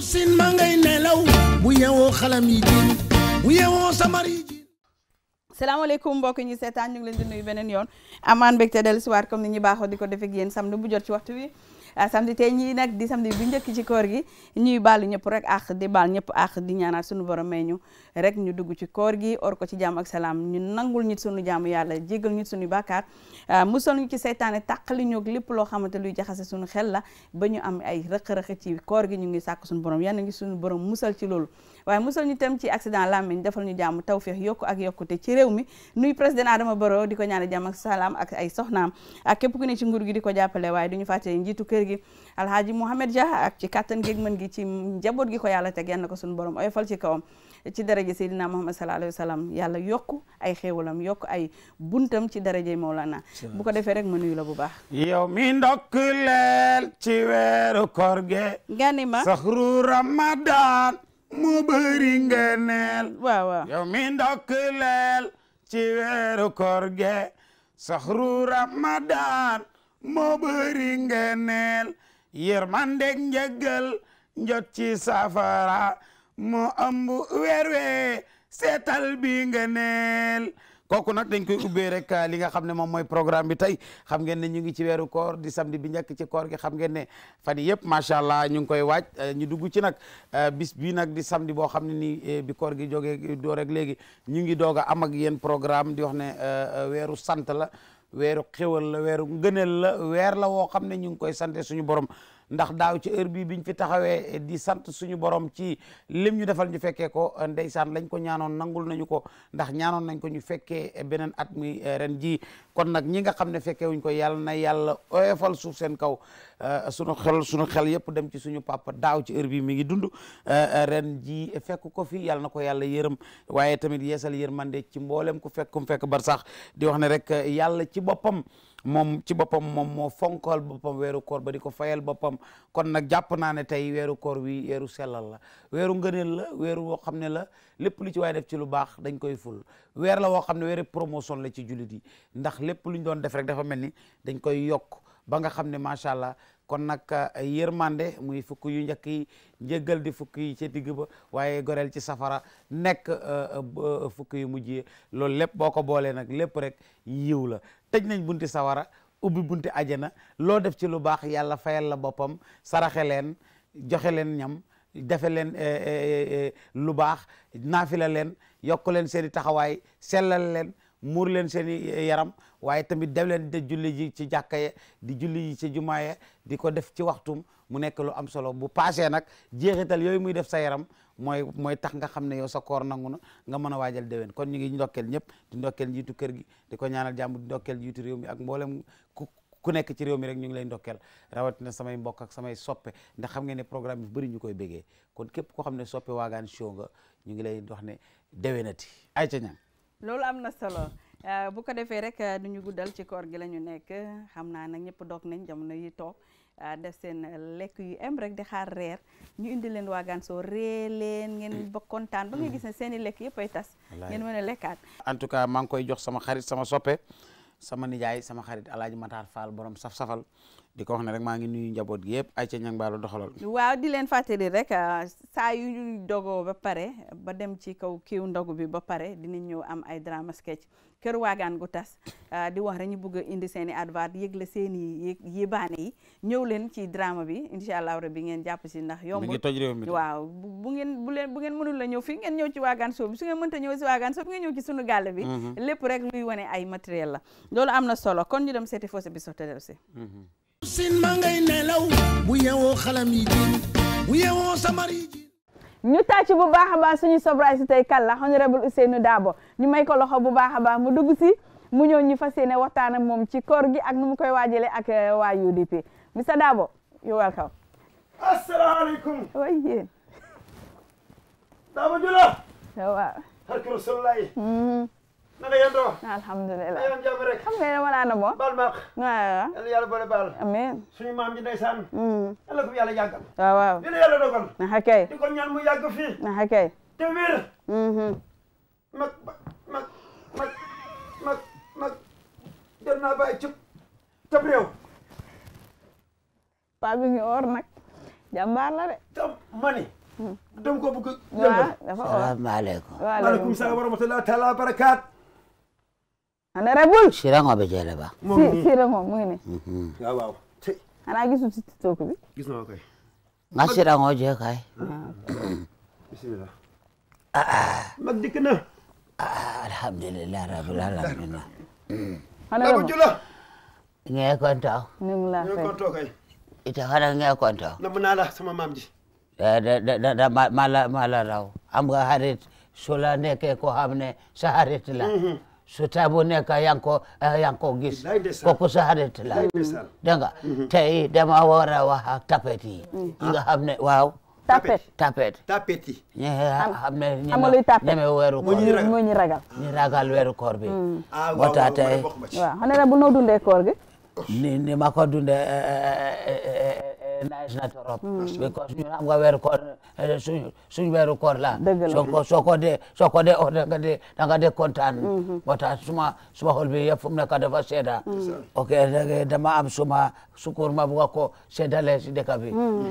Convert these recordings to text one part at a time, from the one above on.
sin ma ngay nelaw bu yewoo xalam yi jiin bu yewoo samar yi jiin salaamaaleykum mbokk setaan seetaan ñu ngi leen di nuyu beneen yoon amaan mbégte dellu siwaat comme ni ñu baaxoo di ko defee ak sam samedi bu jot ci waxtu wi Ah, samedi tey ñii nag di samedi bu njëkk ci koor gi ñuy baal ñëpp rek ak di baal ñëpp ak di ñaanaat suñu borom mee ñu rek ñu dugg ci koor gi or ko ci jàmm ak selaam ñu nangul ñit suñu jàmm yàlla jégal ñit suñu bàkkaar ah, musal ñu ci seytaane li ñoog lépp loo xamante luy jaxase suñu xel la ba ñu am ay rëq-rëq ci koor gi ñu ngi sàkk suñu borom yan na ngi suñu borom musal ci loolu waaye musal ñu tam ci accident làmmiñ defal ñu jàmm tawféex yokku ak yokkute ci réew mi nuy président Adama Barrow di ko ñaane jàmm salaam ak ay soxnaam ak képp ku ne ci nguur gi di ko jàppale waaye duñu fàtte njiitu kër gi alhaaji Mohamed Dia ak ci kàttan géeg mën gi ci njaboot gi ko yàlla teg yal na ko suñu borom oyofal ci kawam ci daraje Seydina Muhammad sallallahu alayhi wa sallam yàlla yokku ay xéewalam yokk ay buntam ci daraje Mawlana bu ko defee rek ma nuyu la bu baax yow mi ndokk leel ci weeru koor nga ni ma mu bëri ngëneel waaw waaw ndokk leel ci weeru koor ge saxru ramadan mu bëri ngëneel yërmandeg njëgal njot ci safara mu ëmb weer wee seetal bi ngëneel kooku nag dañ koy ubbee rek ah, li nga xam ne moom mooy programme bi tey xam ngeen ne ñu ngi ci weeru koor di samdi bi njëkk ci koor gi xam ngeen ne fan yi yëpp macha allah ñu ngi koy waaj eh, ñi dugg ci nag eh, bis bii nag di samdi boo xam ne nii eh, bi koor gi jógee doo rek léegi ñu ngi doog a am yéen programme di wax ne weeru sant la weeru xéwal la weeru ngëneel la weer la woo xam ne ñu ngi koy sante suñu borom ndax daaw ci heure bii biñ fi taxawee eh, di sant suñu borom ci lim ñu defal ñu fekkee ko eh, ndeysaan lañ ko ñaanoon nangul nañu ko ndax ñaanoon nañ ko ñu fekkee eh, beneen at muy ren ji kon nag ñi nga xam ne fekkee wuñ ko yàlla na yàlla oyofal suuf seen kaw sunu xel suñu xel yëpp dem ci suñu papa daaw ci heure bi mi ngi dund ren ji fekk ko fi yàlla na ko yàlla yërëm waaye tamit yeesal yërmande ci mboolem ku fekk ku fekk bar sax di wax ne rek yàlla ci boppam moom ci boppam moom moo fonkal boppam weeru koor ba di ko fayal boppam kon nag jàpp naa ne tey weeru koor wi weeru sellal la weeru ngëneel la weeru woo xam ne la lépp lu ci waaye def ci lu baax dañ koy ful weer la woo xam ne weeru promotion la ci jullit yi ndax lépp lu ñu doon def rek dafa mel ni dañ koy yokk ba nga xam ne macha allah kon nag yërmande muy fukk yu njëkk yi njëggal di fukk yi ca digg ba waaye goreel ci safara nekk euh, euh, euh, fukk yu mujj yi loolu lépp boo ko boolee nag lépp rek yiw la tëj nañ bunti sawara ubbi bunti na loo def ci lu baax yàlla fayal la boppam saraxe leen joxe leen ñam defe leen eh, eh, eh, lu baax naafila leen yokk leen seen i taxawaay sellal leen muur leen seen eh, yaram waaye tamit dem leen di julli ji ci jàkka ye di julli ji ci jumaa ye di ko def ci waxtum mu nekk lu am solo bu paasee nag jeexital yooyu muy def sa yaram mooy mooy tax nga xam ne yow sa koor nangu na nga mën a waajal déwén kon ñu ngi ndokkeel ñëpp di njiitu kër gi di ko ñaanal jàmm ndokkeel njiitu réew mi ak mboolem ku ku nekk ci réew mi rek ñu ngi lay ndokkeel rawatina samay mbokk samay soppe ndax xam ngeen ne programme yu bëri ñu koy bégee kon képp koo xam ne soppe waagaan show nga ñu ngi lay wax ne déwénati ay ca ñaan loolu am na solo euh, bu ko defee rek euh, du ñu guddal ci koor gi la ñu nekk xam naa nag ñëpp doog nañ jamono yi toog euh, def seen lekk yu em rek di xaar reer ñu indi leen waa Ganso ree leen ngeen ba kontaan ba nga gis ne seen i lekk yëpp ay tas. ngeen mën a lekkaat. en tout cas maa ngi koy jox sama xarit sama soppe. sama nijaay sama xarit alaaji Matar Fall borom saf-safal di ko wax ne rek maa ngi nuyu njaboot gi yëpp ay ca ñang baalu doxalal waaw di leen fàttali rek ah, saa yu ñu dogoo ba pare ba dem ci kaw kiiw ndogu bi ba pare dinañ ñëw am ay drama sketch kër waagaan gu tas ah, di wax rek ñu bëgg a indi seen i advert yëgle seen i yébaane yi ñëw ci drama bi incha allah rabbi ngeen jàpp si ndax yomb mi ngi toj réew mi waaw bu ngeen bu ñëw fii ngeen ñëw ci waagaan soo bi su ngeen mënta ñëw si waagaan soo ngeen ñëw ci sunu gàlle bi mhm. lépp rek luy wane ay matériel la loolu am na solo kon ñu dem seeti fossé bi soxta del si mhm. sin ma ngay nelaw bu yewoo yi jiin bu yewoo samar yi jiin ñu tàcc bu baax a baax suñu sobraay si tey kan la honorable Ousseynou Dabo ñu may ko loxo bu baax a baax mu dugg si mu ñëw ñu fas yéene waxtaan ak moom ci koor gi ak nu mu koy waajale ak eh, waa UDP Mr Dabo you welcome. asalaamaaleykum. waay yéen. Dabo Jula. waaw. naka yendoo alhamdulilah yéen baal maax waaw yàlla yàlla boole baal amiin suñu maam ji ndeysaan hmm. yàlla ko yàlla yàggal waaw waaw li la yàlla di ko ñaan mu yàgg fii naxa kay te wér hmm. mag mag mag cib cab réew paa bi ngi nag jàmbaar la de tam mani hmm. dam ko bëgg waaw dafa or salaamaaleykum waaleykum salaam wa rahmatulah barakaat honorable Sirango be jëlee ba. Sirango mu ngi ne. waaw waaw. xanaa gisul si mhm. toog bi. nga Sirango jee ah, kay. bisimilah. Ah, mag dikk na. Ah, alhamdulilah rabbil alamin. honorable. ngeen kontaan. ñu na mun la sama maam da da da da ma la ma la raw am nga ko xam ne sa xarit la. su taa bu nekk yaa ngi ko eh, yaa ngi ko gis kooku sa la dégg nga tey dama war a wax ak tapet yi nga xam ne waaw tapet tapet tapet yi ñi xam ne ñeme weeru koor bi ñi ragal ni ni ma nice natural because ñu xam nga weeru koor suñu suñu weeru koor la soo ko soo ko dee soo ko dee wax danga dee danga dee kontaan moo tax suma suma xol bi yëpp fu mu nekk dafa seeda ok dama am suma sukur ma buga ko seedale si dëkk bi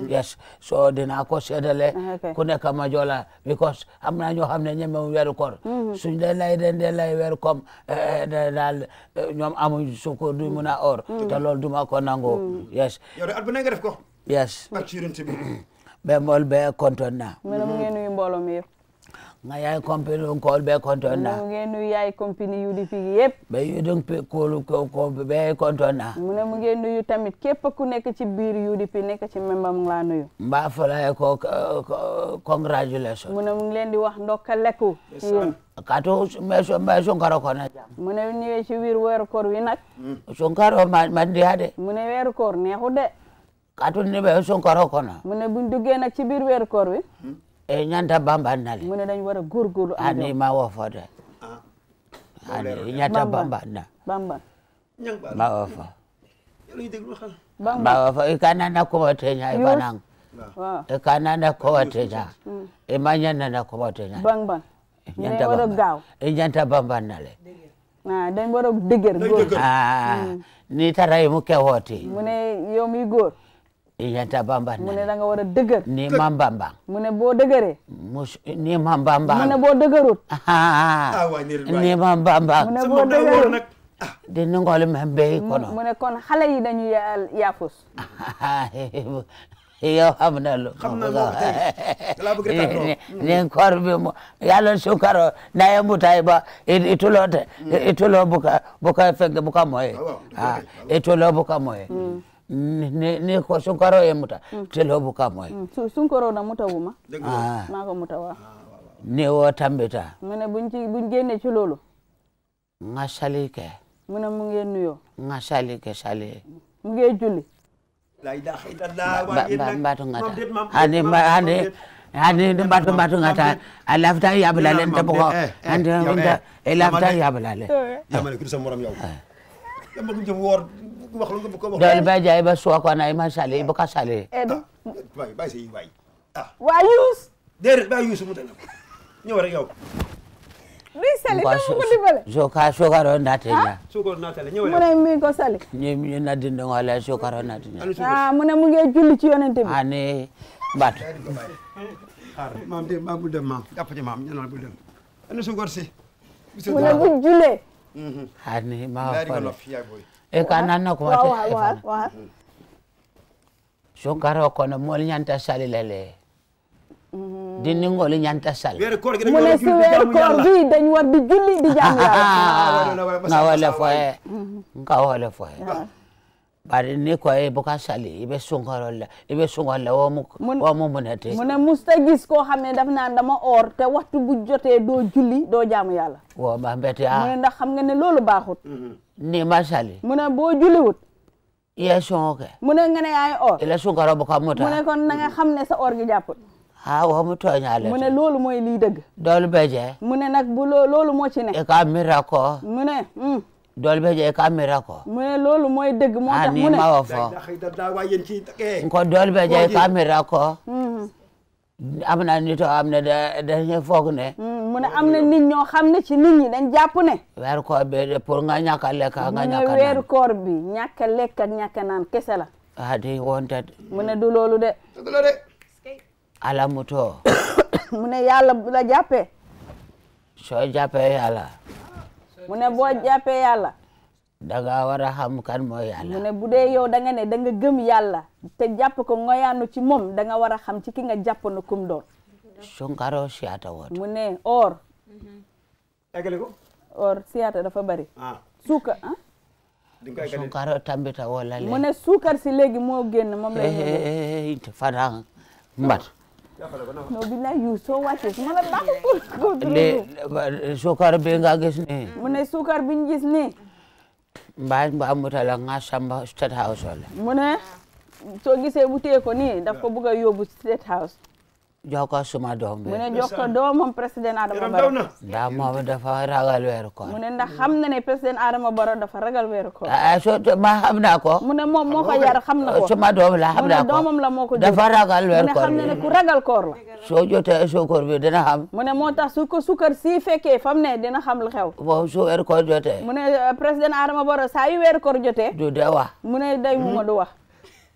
yes so dinaa ko sedale, ku nekk ma jola because am na ñoo xam ne ñemewu weeru koor suñ dee lay den dee lay weeru kom daal ñoom amuñ sukur du mun a or te loolu duma ko nangu yes yow de at bu ne nga def ko yes. ak ci yonent bi. be mbool be kontoon naa. melo mu ngeen nuyu mbooloo mi yëpp. nga yaay compagnie lu be kontoon naa. mu ngeen nuyu yaay ko be kontoon mu ne mu ngeen tamit képp ku nekk ci biir UDP nekk ci memba mu laa nuyu. mbaa fële ko congratulation. mu ne mu ngi leen di wax ndokkaleku. Mm. kaatu mais mais sunkaro ko na jàmm. mu ne ñëwee ci biir koor wi nag. sunkaro man man diya de. mu ne weeru koor neexu de. katu ne bɛ sonkɔrɔ kɔnɔ. mu ne bu duggee nag ci biir weeru koor wi. Hmm? e ñanta bamba nali. mu ne dañu war a góorgóorlu. ani ma woo fɔ dɛ. Ah, ani ñanta bamba na. bamba. ma woo fɔ. ma woo fɔ i ka nana kɔmɔ tɛ ɲa i fana. Ah, war a dëgër góor. ah, ah hmm. ni taara yi mu kɛ wɔ ten. mu ne yow Eh, yanta bambam mu ne da nga war ni ma bambam mu boo dëgëree ni ma bambam mu boo dëgërut eh? ni ma bambam di ningol men bey kono mu kon xale yi dañu yaafus yow xam na lu hmm. ni kor bi mu yàlla sukaro na ye mutay ba itulo te itulo hmm. buka buka fenge buka moye eh. itulo buka moye ne ne ko sunkaro ye muta mm. telo buka moy mm, sunkaro na muta wuma ma ah. ko muta wa ah, ne wo tambeta mune buñ ci buñ génne ci loolu nga sali ke mune mu nuyo nga sali ke sali mu ngeen julli mbatu ngata ane ane mbatu mbatu ngata alafta yablalen taboko eh, eh, ande ande alafta eh. yablalen yamale kudu sa moram yamba ko jëm woor wax lu nga ko wax dal bay ba suwa ko nay ma sale ba ka eh, eh, ah, ah. mu dana sali dama ko dimbale soka sokaro ah? mu ne mi na din do wala mu ne mu ngi julli ci yonente bi ane bat bu dem hani ma fole e ka nan no ko wate sunkaro kono mool ñanta sali lale mm-hmm. dinningoli ñanta sali mu ne si weer koor bi dañ war di julli di jaamu yàlla ah, ah, ah. nga wole foye nga wole foye mm-hmm. bari ni ko e bo ka sali i be sunkaro la be sunkaro wo mu wo mu mun te mu ne musta gis koo xam ne daf naan dama or te waxtu bu jotee doo julli doo jaamu yàlla wo ma mbete ah mu ne ndax xam nga ne loolu baaxut mm-hmm. ni ma sali mu ne boo julliwut ye sonko ke mu nga ne yaay or ila sunkaro bo ka muta mu ne kon na xam ne sa or gi jàpput ah waaw mu tooñaale. mu ne loolu mooy lii dëgg. doolu bee jee. mu ne bu loo loolu moo ci ka mira dool be jee ka mira ko mu loolu mooy dëgg moo ah, tax mu ne ma wo fo mm-hmm. am na nit yoo xam ne dañuy mm, am na nit ñoo xam ne ci nit ñi dañ jàpp ne weer koor bi de pour nga ñàkk a nga ñàkk nan naan a lekk kese la ah di wonte mu ne du loolu de ala mu too mu ne yàlla la jàppee soo jàppee yàlla mu ne boo jàppee yàlla. danga nga war a xam kan mu ne bu dee yow danga ne da nga gëm yàlla te jàpp ko ngoyaanu ci moom danga nga war a xam ci ki nga jàpp na kum doon. sunkaro siyaata woto. mu ne or. eggale ko. or dafa bari. suuka ah. sunkaro tambita wala mu ne suukar si léegi moo génn moom la ñu. fadang mbat. billahi you so watch it ko le sukar be gis ni mu ne sukar biñ gis ne mbaa mu tala nga samba state house wala mu ne soo gisee bu tee ko nii daf ko bëgg state house joko suma doom bi mu ne joko doomam président Adama Barrow ragal weeru koor mu ne ndax xam na ne président Adama Barrow dafa ragal weeru koor ah so ma xam naa ko mu ne moo ko na ko suma doom la xam naa ko mu moo ko dafa ragal weeru koor mu ne xam na ne ku ragal koor la soo jotee sukkur bi mu ne moo tax su ko sukkar si fekkee fam ne dina xam lu xew bon su weeru koor jotee mu ne eh, président Adama Barrow saa yu weeru koor jotee du dee wax mu ne day mu ma du wax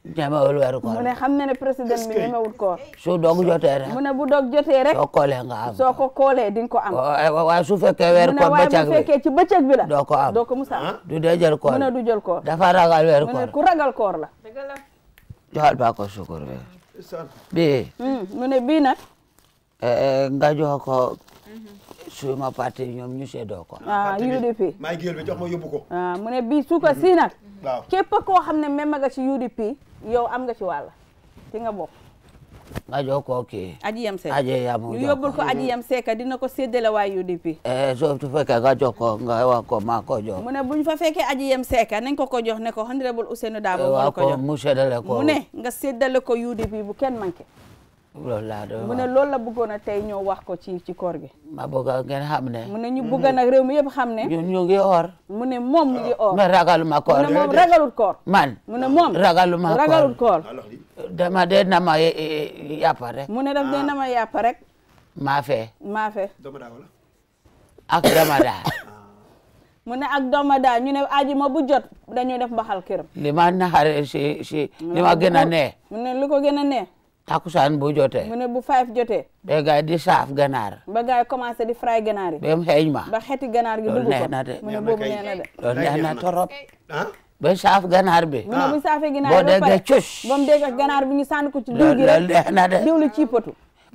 ñeme wul weeru mu ne xam na ne président bi ñeme wul koor. mu ne bu doog jotee rek. soo koolee nga am soo ko koolee di nga ko am. waaye su fekkee weeru koor bëccëg bi mu ne waaye bu ci bëccëg bi la. ko am doo ko ah? du dee jël koor mu ne du jël koor. dafa ragal weeru koor mu ne ku ragal koor la. joxal ba ko sukkur bi. Hmm, mu ne bii eh, eh, nga jox ko. suma parti ñoom ñu seedoo ko. ah UDP maa ngi bi jox ma yóbbu ko. ah mu ne bii su mm-hmm. si nag. waaw képp koo xam ne nga ci UDP yow am nga ci wàll ci nga bokk. nga jox ko kii. aji yam seeka aji yam ko aji yam seeka dina ko séddale waa UDP. Eh, soo su fekkee nga jox ko nga wax ko maa ko jox. mu ne bu ñu fa fekkee aji yam seeka nañ ko ko jox ne ko honorable Ousseynou Dabo. Eh, moo ko jox mu séddale ko nga séddale ko UDP bu kenn manqué. loolu laa doon mu ne loolu la bëggoon a tey ñoo wax ko ci ci koor gi. ma bëgg ngeen xam ne. mu ne ñu bëgg nag réew mi yëpp xam ne. ñu ngi or. mu ne moom mu ngi or. ma ragaluma koor mu ne moom ragalul koor. man mu ne moom ragaluma koor ragalul mu ne daf de nama yàpp rek. maa fee. maa fee. ak ah. mu ne ak damada ñu ne aji ma bu jot dañuy def mbaxal këram. li ma naxare si li ma gën a ne takusaan bu jotee. mu ne bu five jotee. ba gaay di saaf ganaar. ba gaay commencé di fry ganaar yi. ba mu xeeñ ma. ba xeeti ganaar gi dugg ko loolu neex na de. mu ne torop. ba saaf ganaar bi. mu ne bu saafee ganaar bi ba pare boo déggee cus. ba mu ganaar bi ñu sànni ko ci diw gi rek loolu neex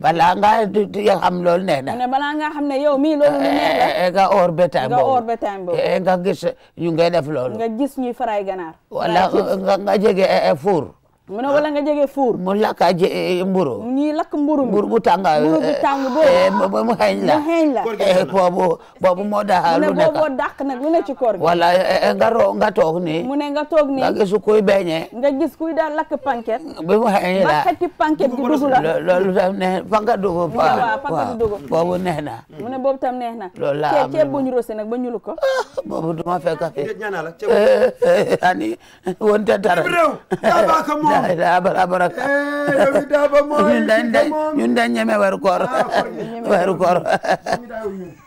na balaa ngaa di xam loolu neex na. mu ne balaa ngaa xam ne yow mii loolu lu neex la. Eh, eh, nga or bétail boobu eh, nga or gis ñu ngay def loolu. nga gis ñuy fry ganaar. wala nga jege fuur mu ne wala nga jege fuur. mu lakk a je mburu. lakk mburu mi mburu bu tàng. mburu bu tàng boobu. Eh, eh, mu la mu xeeñ la. Eh, boobu boobu moo daxa lu nekk. dàq nag lu ne ci koor gi. wala nga ro toog nii. mu ne nga toog nii. nga gis kuy beñe. nga gis kuy da lakk panket. bi mu xeeñ la ba xeeti panket gi dugg boobu neex na. mu ne boobu tam neex na. loolu la am ceeb bu ñu ba ñulu ko. Ah, boobu duma fekk. ani la barabara eh, ñun dañ ñeme weeru koor ah, weeru koor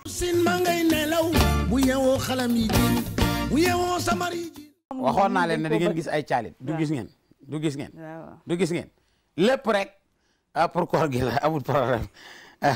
sin ma nelaw bu yeewoo xalam yi ji bu yeewoo samar yi ji waxoon naa leen ne da ngeen gis ay caalit du gis ngeen du gis ngeen du gis ngeen lépp ah, pour koor gi la amul problème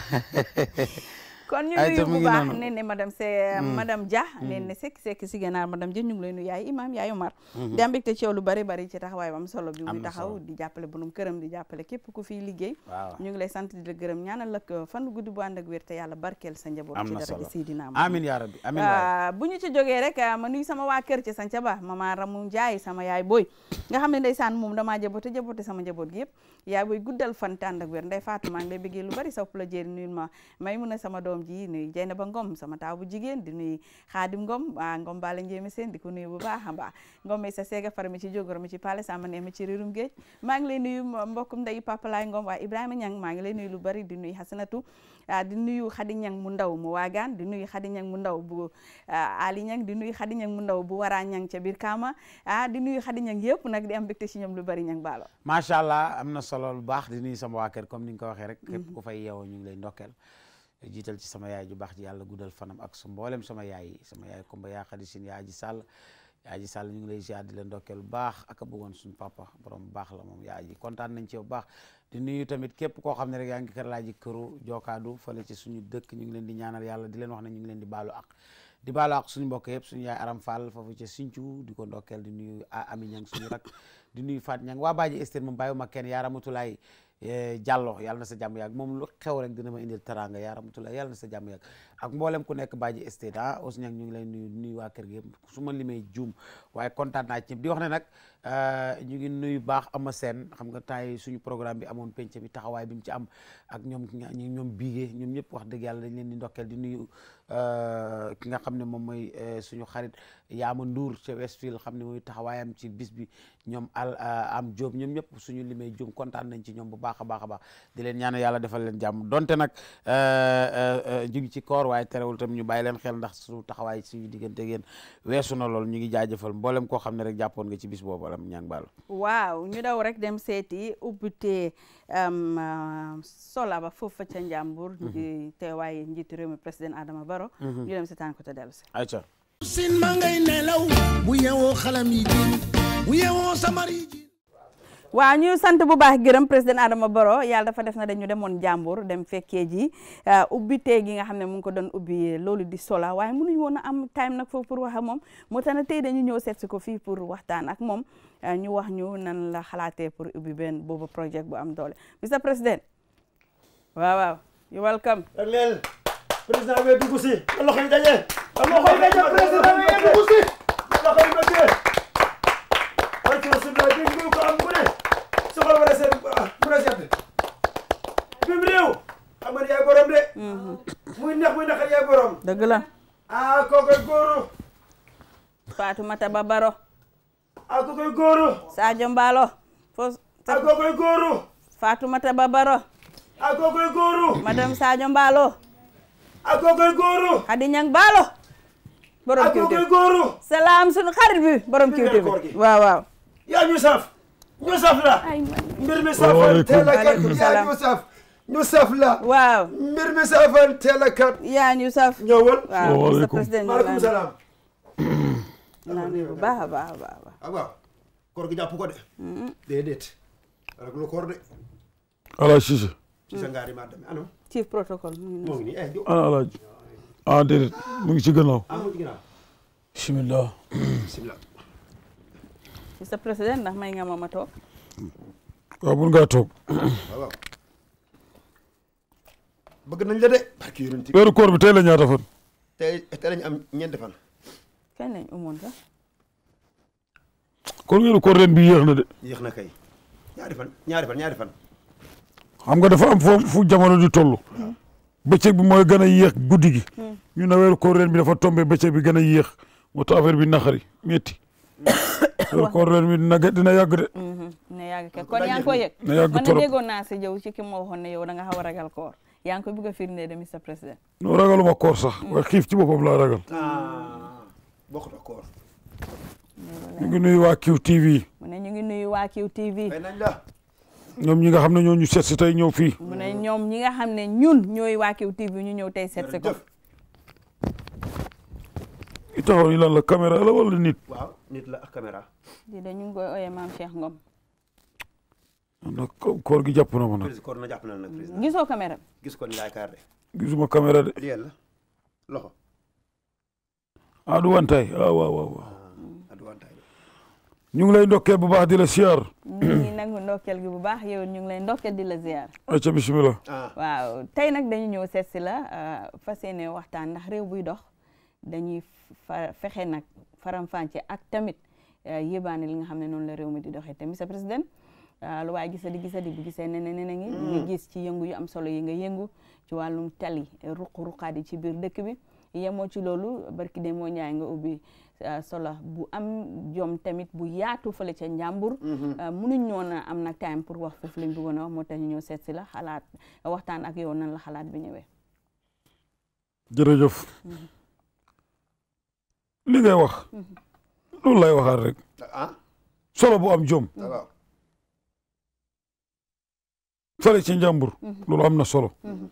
kon ñu nuyu bu baax ne ne madame c'est euh, mm. madame Dia mm. ne ne sekk sekk si gànnaar madame Dia ñu ngi lay nuyu yaay imam yaay Omar mm-hmm. di am mbégte ci yow lu bari bari ci taxawaay am solo bi mu taxaw di jàppale bunum këram di jàppale képp ku fi liggéey ñu ngi lay sant di la gërëm ñaanal lak fan gudd bu ànd ak wér te yàlla barkeel sa njaboot ci dara gi Seydina amin yaa rabbi amin ah, bu ñu ci jógee rek ah, ma nuyu sama waa kër ci sanca ba mama mu Njaay sama yaay booy nga xam ne ndeysaan moom damaa jabote jabote sama njaboot yëpp yaa booy guddal fantaan tànd ak wér ndey Fatou maa ngi lay bëggee lu bari sopp la jéeri nuyu ma may mun a sama doom ji nuyu Jeynaba Ngom sama taaw bu jigéen di nuyu Xaadim Ngom waa Ngom bala njéeme seen di bu baax a baax Ngom sa seega fara mi ci jógoro mi ci pale sama ne mi ci rirum géej maa ngi lay nuyu mbokkum ndeyu Papa Laay Ngom waa Ibrahima Ñang maa ngi lay nuyu lu bari di nuyu Hasanatu Ah, di nuyu Khady Niang mu ndaw mu waagaan di nuyu Khady Niang mu ndaw bu ah, Ali Niang di nuyu Khady Niang mu ndaw bu Wara Niang ca biir Kaama ah di nuyu Khady Niang yëpp nag di am mbégte si ñoom lu bari Niang Baalo. macha allah am na solo lu baax di nuyu sama waa kër comme ni nga ko waxee rek. képp ku mhm. fay yeewoo ñu ngi lay ndokkeel. jiital ci sama yaay ju baax ji yàlla guddal fanam ak su mboolem sama yaay sama yaay Kumba yaa Khady Sine yaa Aji Sall. yaa ji Sall ñu ngi lay ziar di la ndokkeel baax ak a bëggoon suñu papa borom baax la moom yaa ji kontaan nañ ci yow baax di nuyu tamit képp koo xam ne rek yaa ngi kër laaji këru jokaadu fële ci suñu dëkk ñu ngi leen di ñaanal yàlla di leen wax ne ñu ngi leen di baalu ak di baalu ak suñu mbokk yëpp suñu yaay aram faal foofu ci Sinthiou di ko ndokkeel di nuyu a ami ñang suñu rak di nuyu faat ñang waa baaji Ester moom bàyyiwuma kenn yaa ramatulaay Eh, Diallo yàlla na sa jàmm yàgg moom lu xew rek dina ma indil taranga yaa rahmatullah yàlla na sa jàmm yàgg ak mboolem ku nekk Badji Estate ah aussi ñu ngi lay nuyu nuyu waa kër gi su ma limee juum waaye kontaan naa ci di wax ne nag eh, ñu ngi nuyu baax ama seen xam nga temps suñu programme bi amoon penc bi taxawaay bi mu ci am ak ñoom ñi ñoom biigee ñoom ñëpp wax dëgg yàlla dañ leen di ndokkeel di nuyu eh, ki nga xam ne moom mooy suñu xarit Yaama Ndour ca Westfield xam ne mooy taxawaayam ci bis bi ñoom al euh, am Jóob ñoom ñëpp suñu limee jum kontaan nañ ci ñoom bu baax a baax a baax di leen ñaan yàlla defal leen jàmm donte nag euh, euh, ñu ngi ci koor waaye terewul tam ñu bàyyi leen xel ndax su taxawaay suñu diggante yéen weesu na lool ñu ngi jaajëfal mboolem koo xam ne rek jàppoon nga ci bis boobu alam ñaan baal waaw ñu daw rek dem seeti ubbite sola ba foofa ca njàmbur mhm. teewaaye njiitu réew mi président Adama Barrow mhm. ñu dem seetaan ko te dellu si aca ma ngay nelaw bu yeewoo xalam wa ñu sant bu baax gërëm président Adama boro yalla dafa def na dañu demon jambour dem fekke ji uh, ubbite gi nga xamne mu ngi ko don ubbi uh, lolu di sola waye mënuñu am time nak fo pour wax ak moom moo tax tey dañu ñëw sét ci ko fi pour waxtaan ak mom uh, ñu wax ñu nan la xalaté pour ubbi ben bobu projet bu am doole monsieur président wa wa you welcome lel président wé du si loxo yi daje loxo yi daje président wé du si loxo yi barke rasulullah dégg ngeen ko am ku ne soxla war a seet bu la seet bim borom de muy neex muy naqar yaay borom dëgg la ah kookoy góoru Fatoumata Ba Baro ah kookoy góoru Sadio Mballo fo ah borom kiw tv ak wow. Ya Yusuf, Yusuf la, مير مسافر تلك يا يوسف Yusuf, لا واو مير مسافر تلك يا يوسف نول وعليكم السلام baax a baax a baax a waaw koor gi jàpp ko de déedéet rek lu koor de ala Cissé Cissé ngaari maa demee anam chief protocol. mu ngi nii eh ana alaaj ah déedéet mu ngi ci gannaaw ah mu ngi ci bismillah bismillah Mr President ndax may nga ma toog. waaw mun ngaa toog. waaw bëgg nañ la de. barki yonent weeru koor bi tey la ñaata fan. am ñeenti fan. kon weeru koor ren bi yéex na de. yéex na kay ñaari ñaari fan ñaari fan. xam nga dafa am foofu fu jamono di toll. Hmm. bëccëg bi mooy gën a yéex guddi gi. Hmm. ñu ne weeru koor ren bi dafa tombé bëccëg bi gën a yéex moo tax bi naqari métti. weeru koor ren mi dina dina yàgg de. Mhm, dina yàgg kay kon yaa ngi yëg. dina yàgg trop man déggoon ci ki ma ne yow da nga xaw ragal koor yaa ngi koy bëgg a firndee de monsieur président. non ragaluma koor sax. Mm. waaye xiif ci boppam laa ragal. Ah, bokkut ak koor. ñu ngi nuyu waa QTV. mu ñoom ñi nga xam ne ñoo ñu ñëw fii. mu ne ñi nga xam ne ñun ñooy waa QTV ñu ñëw tey seet si ko. i taxaw yi lan la caméra la wala nit. waaw nit di da ñu ngi koy oyee maam Cheikh Ngom. nag koor gi jàpp na ma nag. koor na jàpp na gisoo caméra. ko ni yaakaar de. gisuma caméra de. lii la loxo. Ah, ah, ah, bu baax di la siyaar. ñu ngi nangu ndokkeel gi bu baax yow ñu ngi lay di la siyaar. ayca bisimilah. waaw tey nag dañu ñëw seet si la fas yéene waxtaan ndax réew buy dox. dañuy fexé nak faram-fàcce ak tamit euh, yébaane li nga xamné non la réew mi di doxé té monsieur président euh, lu way waaye gisadi di bu gisee ne ne ne ngi mm. nga gis ci yëngu yu am solo yi nga yëngu ci walum tali ruq ruqadi ci bir dëkk bi yemoo ci lolu barki de mo ñaay nga ubi euh, solo bu am jom tamit bu yaatu fele ci njambur mm-hmm. munuñ ñona am nag time pour wax fofu lañ bëgona a wax moo tax ñu ñëw ci la xalaat waxtaan ak yow nan la xalaat bi ñëwé jërëjëf mm-hmm. li ngay wax loolu lay waxaat rek ah. solo bu am jom ah, sale ci njàmbur mhm. loolu am na solo mhm.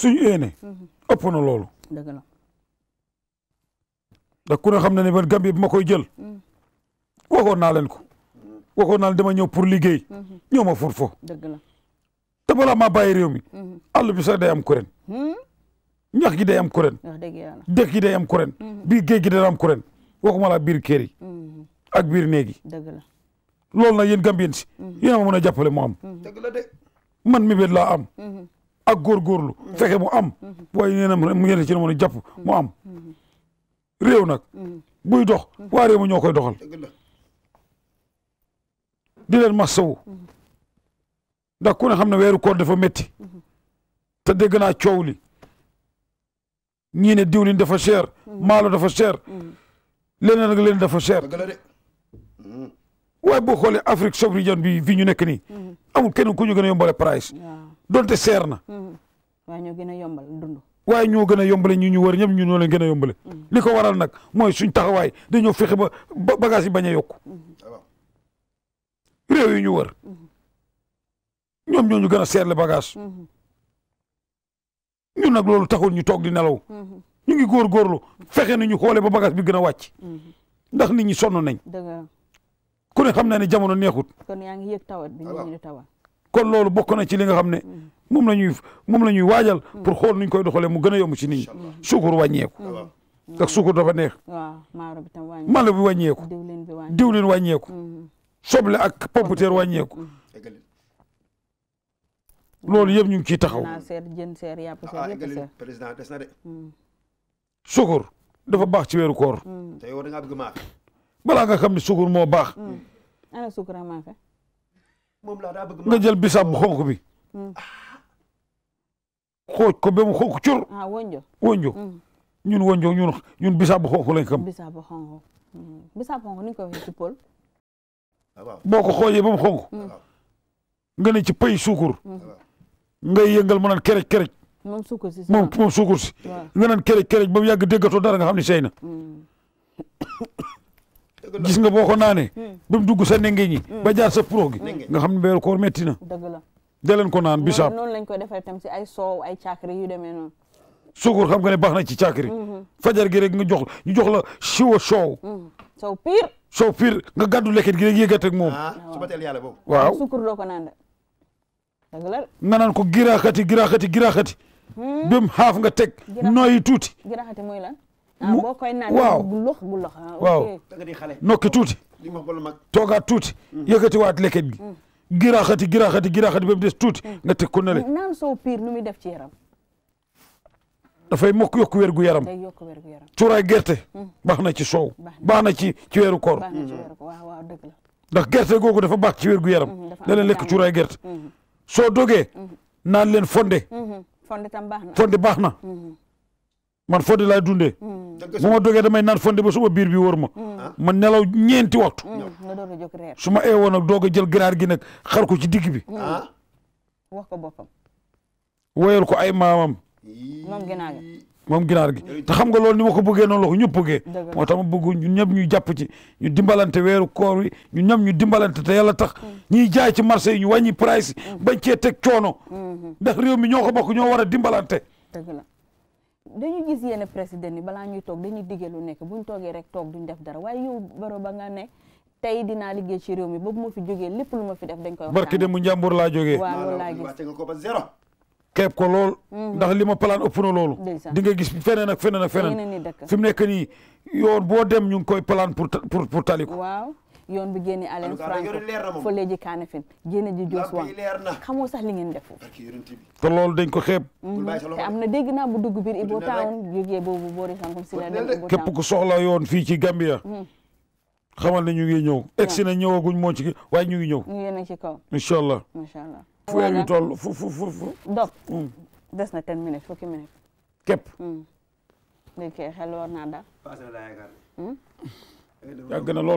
suñu yéene mhm. ëpp na loolu dëgg la xam na ne man Gambie bi ma koy jël waxoon naa leen ko waxoon naa dama ñëw pour liggéey ñëw ma fur fo la te balaa maa bàyyi réew mi àll am kuréen hmm? ñax gi day am kuréen dëkk gi day am kuréen mm-hmm. biir géej gi dana am kuréen waxuma malaa biir kër yi mm-hmm. ak biir néeg yi dëgg la loolu nag yéen gambien mm-hmm. a ma jàppale mu am dëgg la man mi bet laa am ak góorgóorlu fexe mu am waaye yéen a yéen ci na mën a jàpp mu am réew nag buy dox waa réew mi ñoo koy doxal di leen masawu ndax ku xam na weeru koor dafa metti te dégg naa coow li ñii ne diwlin dafa cher. Mm-hmm. maalo dafa cher. Mm-hmm. leneen ak leneen dafa cher. Mm-hmm. waaye boo xoolee Afrique sous-région bi fii ñu nekk nii. amul kenn ku ñu gën a yombale price. donte seer na. waaye ñoo gën a waaye ñoo gën a yombale ñi ñu war ñëpp ñu ñoo gën a yombale. li ko waral nag mooy suñ taxawaay dañoo fexe ba bagage yi bañ a yokk ah réew yi ñu wër. ñoom ñu gën a seer le bagage. ñun nag loolu taxul ñu toog di nelaw. ñu ngi góorgóorlu fexe nañu xoole ba bagage bi gën a wàcc. ndax nit ñi sonn nañ. ku ne xam naa ne jamono neexut. kon yaa ngi yëg tawat bi loolu bokk na ci li nga xam ne moom la ñuy moom la ñuy waajal. pour xool nuñ koy doxalee mu gën a yomb ci nit ñi. suukar wàññeeku. ndax mm. suukar dafa neex. waaw maalo bi tam wàññeeku. maalo bi wàññeeku. diwlin bi wàññeeku. Mm. soble ak pomputeer wàññeeku. Mm. loolu yëpp ñu ngi ciy taxaw. seer jën seer yàpp seer ah, yëpp des na hmm. sukur dafa baax ci weeru koor. Hmm. te yow balaa nga xam ne sukur moo baax. Hmm. ana sukur ak nga jël bisaab bu xonk bi. xooj ko ba mu xonk cur. ah wonjo wonjo. ñun wonjo ñun ñun bisaab bu xonk lañ xam. bisaab bu xonk bisaab ni ñu koy ci Pël. Ah, boo ko xoojee ba mu ah, nga ne ci pay sukur. ngay yëngal mu naan kerej kerej. moom suukur si moom moom suukur si. nga naan kerej kerej ba mu yàgg déggatoo dara nga xam ne sey na. Hmm. gis nga boo ko naanee. Hmm. ba mu dugg sa nenge ñi. Hmm. ba jaar sa pro gi. nga xam ne weeru koor metti na. dëgg la deleen ko naan bisaab. noonu lañ koy defee tam si ay soow ay caakiri yu demee noonu. suukur xam nga ne baax na ci caakiri. fajar gi rek nga jox ñu jox la siwa soow. soow pire. soow pire nga gàddu leket gi rek yëgat moom. waaw ah, ah, suba yàlla boobu. nga naan ko giraaxati giraaxati giraaxati. Hmm? ba mu xaaf nga teg nooyi tuuti. giraaxati mooy lan. ah boo koy naan waaw gullox gullox ah, waaw nokki tuuti. toogaat tuuti. Hmm. yëkkati waat leket gi. Hmm. giraaxati giraaxati giraaxati ba mu des tuuti nga teg ko nale. naan soow piir lu def ci yaram. dafay mokk yokk wér gu yaram cuuraay gerte baax na ci soow baax na ci ci weeru koor ndax gerte googu dafa baax ci wér gu yaram da lekk cuuraay gerte soo dogee naan leen fonde fonde tam baax na baax na man fonde laay dundee bu ma dogee damay naan fonde ba suma biir bi wër ma mm. ah. man nelaw ñeenti waxtu mm. su ma eewoon nag doog a jël giraar gi nag xar ko ci digg bi mm. ah. wax ko ay maamam moom gi moom ginaar gi te xam nga loolu ni ma ko bëggee noonu la ko ñëpp bëggee moo tax ma bëggu ñun ñëpp ñu jàpp ci ñu dimbalante weeru koor wi ñun ñëpp ñu dimbalante te yàlla tax mm. ñiy jaay ci marché yi ñu wàññi price mm. bañ cee teg coono mm-hmm. ndax rew mi ñoo ko bokk ñoo war a dimbalante dëgg la dañu gis yenn président ni balaa ñuy toog dañuy digge lu nekk buñ toogee rek toog duñ def dara waaye yow baro ba nga ne tey dinaa liggéey ci réew mi boobu ma fi jógee lépp lu ma fi def dañ koy wax dem mu njàmbur laa jógee waaw loolu laa gis xeeb ko lool. Mhm. ndax li ma plan ëpp na loolu. di nga gis feneen ak feneen ak feneen. fi mu nekk nii yoon boo dem ñu ngi koy plan pour pour pour tali ko. waaw yoon bi génne Alain Franco fële ji Kanefin génne ji Jos Wang xamoo sax li ngeen def. te loolu dañ ko xeeb. Mhm. te am na dégg naa bu dugg biir Ibo Town jógee boobu boori Sangom si la dem képp ku soxla yoon fii ci Gambia. Mhm. xamal na ñu ngi ñëw egsi na ñëwaguñ moo ci waaye ñu ñëw. ñu ngi ci kaw allah. fu weer wi fu fu fu fu. Mm. des na ten minutes fukki minutes. képp. Mm. Hmm? Mm.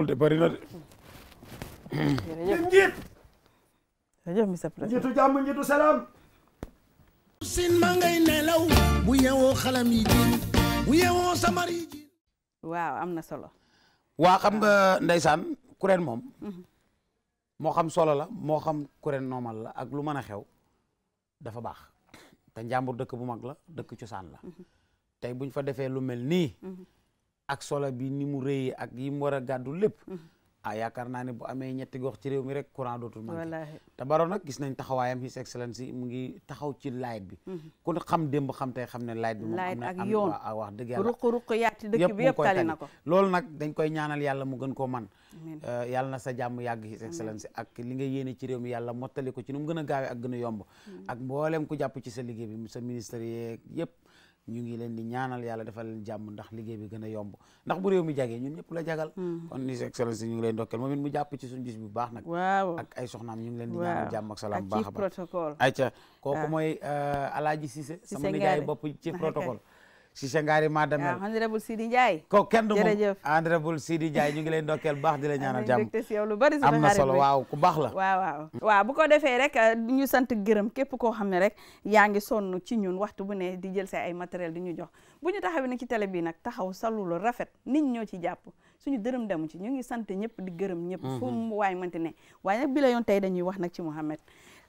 de bari na de. jërëjëf njiit. jërëjëf monsieur njiitu jàmm njiitu salaam. sin ma ngay nelaw bu yeewoo xalam yi waaw am na solo. waa xam nga ndeysaan kuréel moom. Mm-hmm. mo xam solo la mo xam kuren normal la ak lu meuna xew dafa bax te njàmbur dekk bu mag la ci san la mhm. tay buñ fa defé lu mel ni mhm. ak solo bi ni mu reey ak yi mu wara gaddu lepp mhm. a ah, yaakaar naa ne boo amee ñetti gox ci réew mi rek courant dootul manqué te Barrow nag gis nañ taxawaayam his excellence yi mu ngi taxaw ci light bi mhm. ku xam démb xam tey xam ne light bi moom am ah, wax dëgg yàlla ruq ruq yaati dëkk bi yëpp na ko loolu nag dañ koy ñaanal yàlla mu gën koo man eh, yàlla na sa jàmm yàgg his excellence ak li nga yéene ci réew mi yàlla mottali ko ci nu mu gën a gaawee ak gën a yomb mm. ak mboolem ku jàpp ci sa liggéey bi sa ministère yëpp ñu ngi leen di ñaanal yàlla defal leen jàmm ndax liggéey bi gën a yomb ndax bu réew mi jagee ñun ñëpp la jagal hmm. kon his excellence ñu ngi leen ndokkeel moom it mu jàpp ci suñu bi bu baax nag waaw ak ay soxnaam ñu ngi leen di ñaanal jàmm ak salaam baax a baax ay ca kooku ah. mooy euh, alaaji Cissé sama nijaay bopp ci protocole ci Cissé Ngari Madamel honorable Sidi Ndiaye ko kenn du moom honorable di Ndiaye ñu ngi lay ndokkeel baax di la ñaanal jàmm yow lu bari am na solo waaw ku baax la waaw waaw bu ko defee rek euh, ñu sant gërëm képp koo xam ne rek yaa ngi sonn ci ñun waxtu bu ne di jël say ay matériel di ñu jox bu ñu taxawee nag ci télé bi nag taxaw salu lu rafet nit ñoo ci jàpp suñu dërëm demu ci ñu ngi sant ñëpp di gërëm ñëpp mhm. fu mu waay mënti ne waaye nag bi la yoon tey dañuy wax nag ci Mouhamed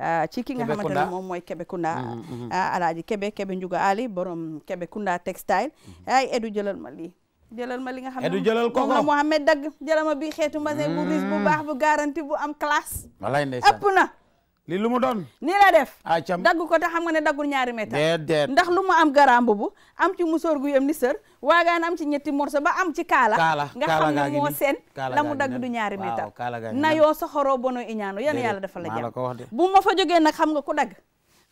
Euh, ci ki nga xamante moom mooy Kebekunda mm, mm, mm. euh, alaaji Kebe Kebe Njuga Ali borom Kebekunda textile mm-hmm. ay edu jëlal ma lii jëlal ma li nga xam ne jëlal ko moom dagg jëlal ma bi xeetu mbasin bu bu baax bu garanti bu am classe ëpp na li lu mu doon. nii la def. acam ah, dagg ko te xam nga ne daggul ñaari mètre. ndax lu mu am garaam bu am ci musóor gu yem ni sër waagaan am ci ñetti morso ba am ci kaala. kaala nga xam ne moo seen. la mu dagg du ñaari mètre. waaw na yoo bo no iñaano yan yàlla dafa la jàmm bu ma fa jógee nag xam nga ku dagg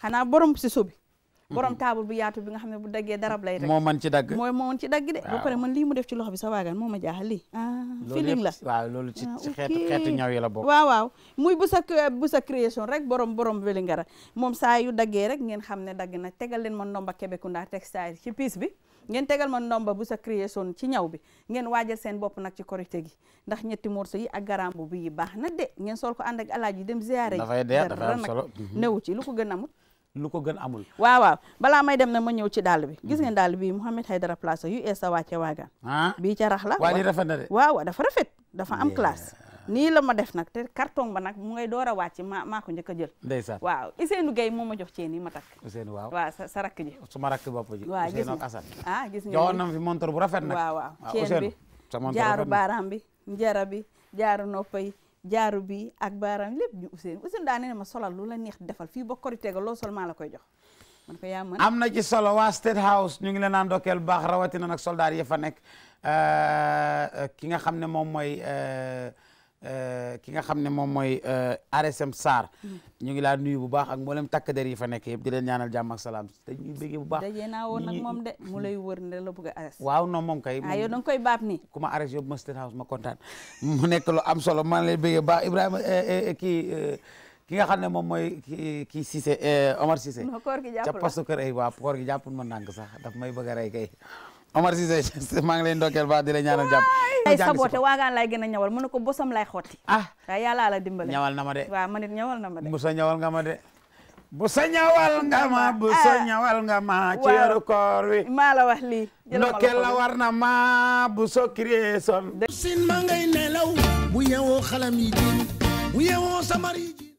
xanaa borom si subi Mm-hmm. borom taabal bu yaatu bi nga xam ne bu daggee darab lay rek moo mën ci dagg moo mën ci dagg de ba mu def ci loxo bi sa waagaan moo ma jaaxal lii ah feeling la waaw loolu ci ah, xeetu xeetu ñaw yi la bokk muy bu sa bu sa création rek borom borom ngara moom saa yu daggee rek ngeen xam ne dagg na tegal leen ma ndomba Kébécounda textile ci piis bi ngeen tegal ma ndomba bu sa création ci ñaw bi ngeen waajal seen bopp nag ci korité gi ndax ñetti morceau yi ak garambu bi yi baax na de ngeen sol ko ànd ak alaaji dem ziyaare ji dafay dee dafay mm-hmm. ci lu ko gën amut lu ko gën amul waaw waaw balaa may dem na ma ñëw ci dàll bi gis ngeen dàll bi Mouhamed Haidara place yu es a wàcce waagaan ah? bi ca rax la waa li waaw dafa rafet dafa am classe nii la ma def nag te carton ba nag mu ngay door a wàcc ma maa ko a jël ndeysaan waaw Ousseynou Gueye moo ma jox ceen ma takk Ousseynou waaw waaw sa sa rakk ji su ma rakk bopp ji waaw gis nga Assane ah gis nga joxoon na ma fi montor bu rafet nag waaw waaw ceen bi jaaru baaraam bi njara bi jaaru noppa yi jaaru bi ak baaraam lépp ñu Ousseynou Ousseynou daa ne ma solal lu la neex defal fii ba korité ga loo sol maa la koy jox man ko yaa mën am na ci solo waa State House ñu ngi leen naan dokkeel baax rawatina nag soldaar ya fa nekk ki nga xam ne moom mooy Euh, ki nga xam ne moom mooy euh, RSM Sarr mm. ñu ngi laa nuyu bu baax ak mboolem takk der yi fa nekk yëpp di ñaanal jàmm ak salaam te ñuy béggee bu baax dajee naa woon nag moom de mu lay wër ne la bëgg a waaw non moom kay ah, koy baab ni ku ma arrêté yóbbu ma State House mu nekk lu am solo man lay béggee baax Ibrahima eh, eh, eh, kii ki nga xam ne moom mooy ki kii Cissé Omar Cissé ca pastu kër ay waaw koor gi jàppul ma nànk sax daf may bëgg a rey kay Omar Cissé ma ngi lay ndokkeel ba di la ñaanal jàmm. ay saboté waagaan lay gëna ñawal mu ko bossam lay xoti ah waaye yalla la dimbale. ñawal na ma dé wa manit ñawal na ma dé musa ñawal nga ma dé Busa ñawal nga ma ah. busa ñawal nga ma. ci yaru koor wi. ma la wax li ndokkeel la war na ma buso création. sin ma ngay nelaw bu yeewoo xalam yi di bu yeewoo samar yi